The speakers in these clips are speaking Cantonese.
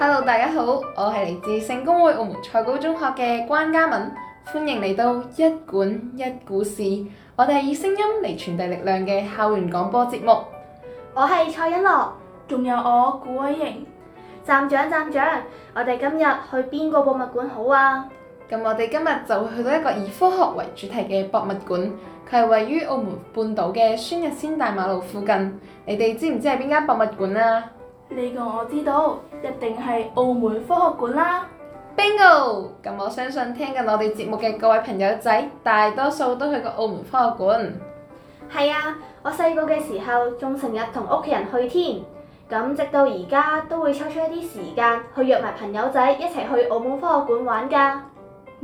Hello，大家好，我係嚟自聖公會澳門蔡高中學嘅關嘉敏，歡迎嚟到一館一故事，我哋以聲音嚟傳遞力量嘅校園廣播節目。我係蔡欣樂，仲有我古瑋瑩。站長，站長，我哋今日去邊個博物館好啊？咁我哋今日就去到一個以科學為主題嘅博物館，佢係位於澳門半島嘅孫逸仙大馬路附近。你哋知唔知係邊間博物館啊？呢個我知道，一定係澳門科學館啦。Bingo！咁我相信聽緊我哋節目嘅各位朋友仔，大多數都去過澳門科學館。係啊，我細個嘅時候仲成日同屋企人去添。咁直到而家都會抽出一啲時間去約埋朋友仔一齊去澳門科學館玩㗎。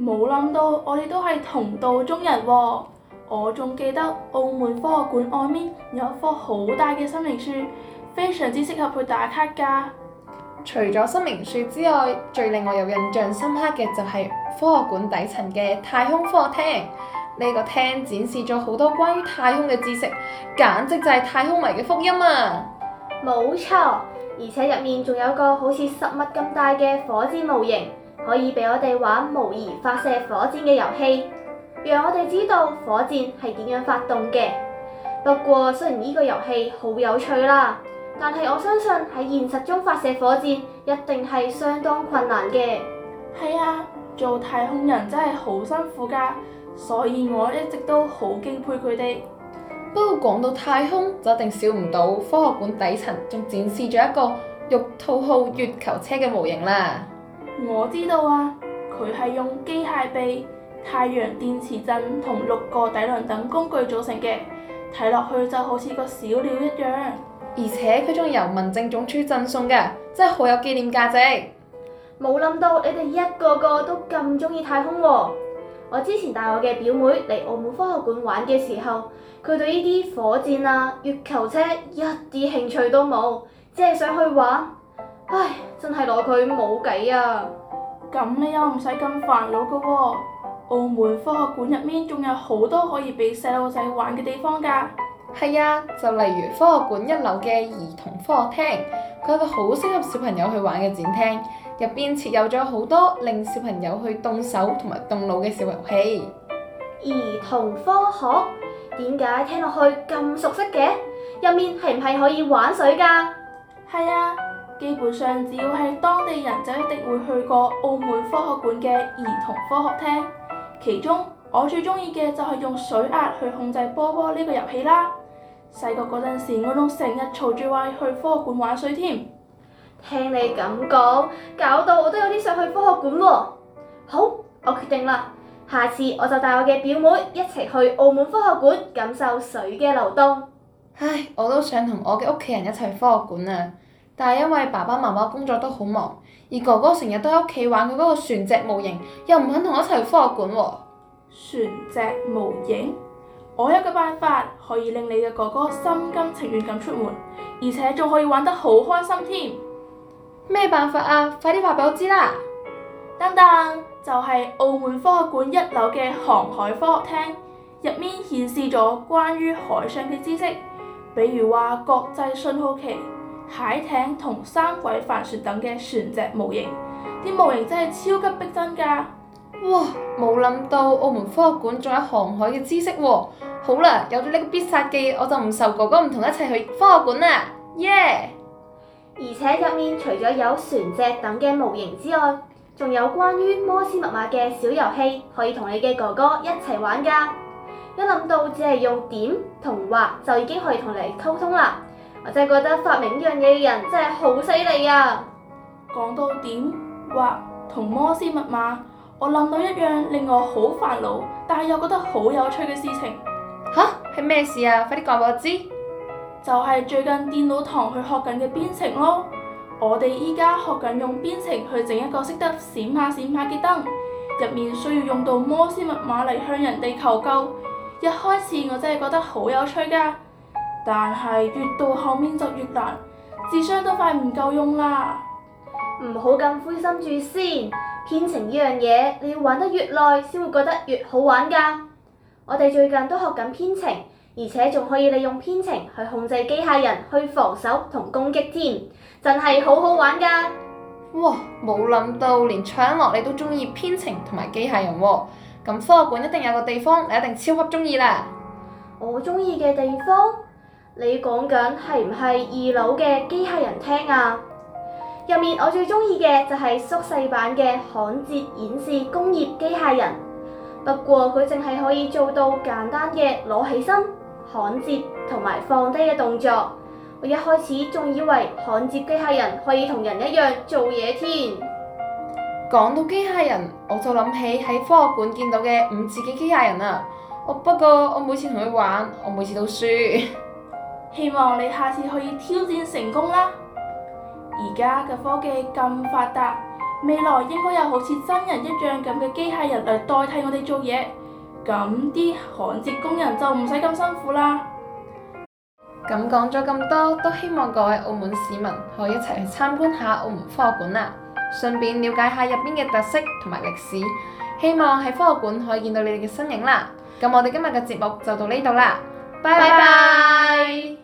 冇諗到，我哋都係同道中人喎，哦！我仲記得澳門科學館外面有一棵好大嘅生命樹。非常之適合去打卡㗎！除咗生命樹之外，最令我有印象深刻嘅就係科學館底層嘅太空科學廳。呢、這個廳展示咗好多關於太空嘅知識，簡直就係太空迷嘅福音啊！冇錯，而且入面仲有個好似實物咁大嘅火箭模型，可以俾我哋玩模擬發射火箭嘅遊戲，讓我哋知道火箭係點樣發動嘅。不過雖然呢個遊戲好有趣啦～但係我相信喺現實中發射火箭一定係相當困難嘅。係啊，做太空人真係好辛苦㗎，所以我一直都好敬佩佢哋。不過講到太空，就一定少唔到科學館底層，仲展示咗一個玉兔號月球車嘅模型啦。我知道啊，佢係用機械臂、太陽電池陣同六個底輪等工具組成嘅，睇落去就好似個小鳥一樣。而且佢仲係由民政總署贈送嘅，真係好有紀念價值。冇諗到你哋一個個都咁中意太空喎、哦！我之前帶我嘅表妹嚟澳門科學館玩嘅時候，佢對呢啲火箭啊、月球車一啲興趣都冇，只係想去玩。唉，真係攞佢冇計啊！咁你又唔使咁煩惱噶喎、哦，澳門科學館入面仲有好多可以俾細路仔玩嘅地方㗎。係啊，就例如科學館一樓嘅兒童科學廳，佢係個好適合小朋友去玩嘅展廳，入邊設有咗好多令小朋友去動手同埋動腦嘅小遊戲。兒童科學，點解聽落去咁熟悉嘅？入面係唔係可以玩水噶？係啊，基本上只要係當地人，就一定會去過澳門科學館嘅兒童科學廳，其中我最中意嘅就係用水壓去控制波波呢個遊戲啦。細個嗰陣時，我仲成日嘈住話去科學館玩水添。聽你咁講，搞到我都有啲想去科學館喎。好，我決定啦，下次我就帶我嘅表妹一齊去澳門科學館，感受水嘅流動。唉，我都想同我嘅屋企人一齊科學館啊，但係因為爸爸媽媽工作都好忙，而哥哥成日都喺屋企玩佢嗰個船隻模型，又唔肯同我一齊去科學館喎。船隻模型。我有個辦法可以令你嘅哥哥心甘情願咁出門，而且仲可以玩得好開心添。咩辦法啊？快啲話俾我知啦！登登，就係、是、澳門科學館一樓嘅航海科學廳，入面顯示咗關於海上嘅知識，比如話國際信號旗、海艇同三桅帆船等嘅船隻模型，啲模型真係超級逼真噶。哇！冇諗到澳門科學館仲有航海嘅知識喎、啊！好啦，有咗呢個必殺技，我就唔愁哥哥唔同一齊去科學館啦！耶、yeah!！而且入面除咗有船隻等嘅模型之外，仲有關於摩斯密碼嘅小遊戲，可以同你嘅哥哥一齊玩㗎。一諗到只係用點同畫就已經可以同你溝通啦，我真係覺得發明呢樣嘢嘅人真係好犀利啊！講到點畫同摩斯密碼。我諗到一樣令我好煩惱，但係又覺得好有趣嘅事情。吓？係咩事啊？快啲講我知。就係最近電腦堂去學緊嘅編程咯。我哋依家學緊用編程去整一個識得閃下閃下嘅燈。入面需要用到摩斯密碼嚟向人哋求救。一開始我真係覺得好有趣㗎，但係越到後面就越難，智商都快唔夠用啦。唔好咁灰心住先，編程呢樣嘢你要玩得越耐，先會覺得越好玩噶。我哋最近都學緊編程，而且仲可以利用編程去控制機械人去防守同攻擊添，真係好好玩噶。哇，冇諗到連蔡欣樂你都中意編程同埋機械人啊，咁科學館一定有個地方你一定超級中意啦。我中意嘅地方，你講緊係唔係二樓嘅機械人廳啊？入面我最中意嘅就係縮細版嘅焊接演示工業機械人，不過佢淨係可以做到簡單嘅攞起身、焊接同埋放低嘅動作。我一開始仲以為焊接機械人可以同人一樣做嘢添。講到機械人，我就諗起喺科學館見到嘅五子棋嘅機械人啊！我不過我每次同佢玩，我每次都輸。希望你下次可以挑戰成功啦。而家嘅科技咁發達，未來應該有好似真人一樣咁嘅機械人嚟代替我哋做嘢，咁啲焊接工人就唔使咁辛苦啦。咁講咗咁多，都希望各位澳門市民可以一齊去參觀下澳門科學館啦，順便瞭解下入邊嘅特色同埋歷史。希望喺科學館可以見到你哋嘅身影啦。咁我哋今日嘅節目就到呢度啦，拜拜。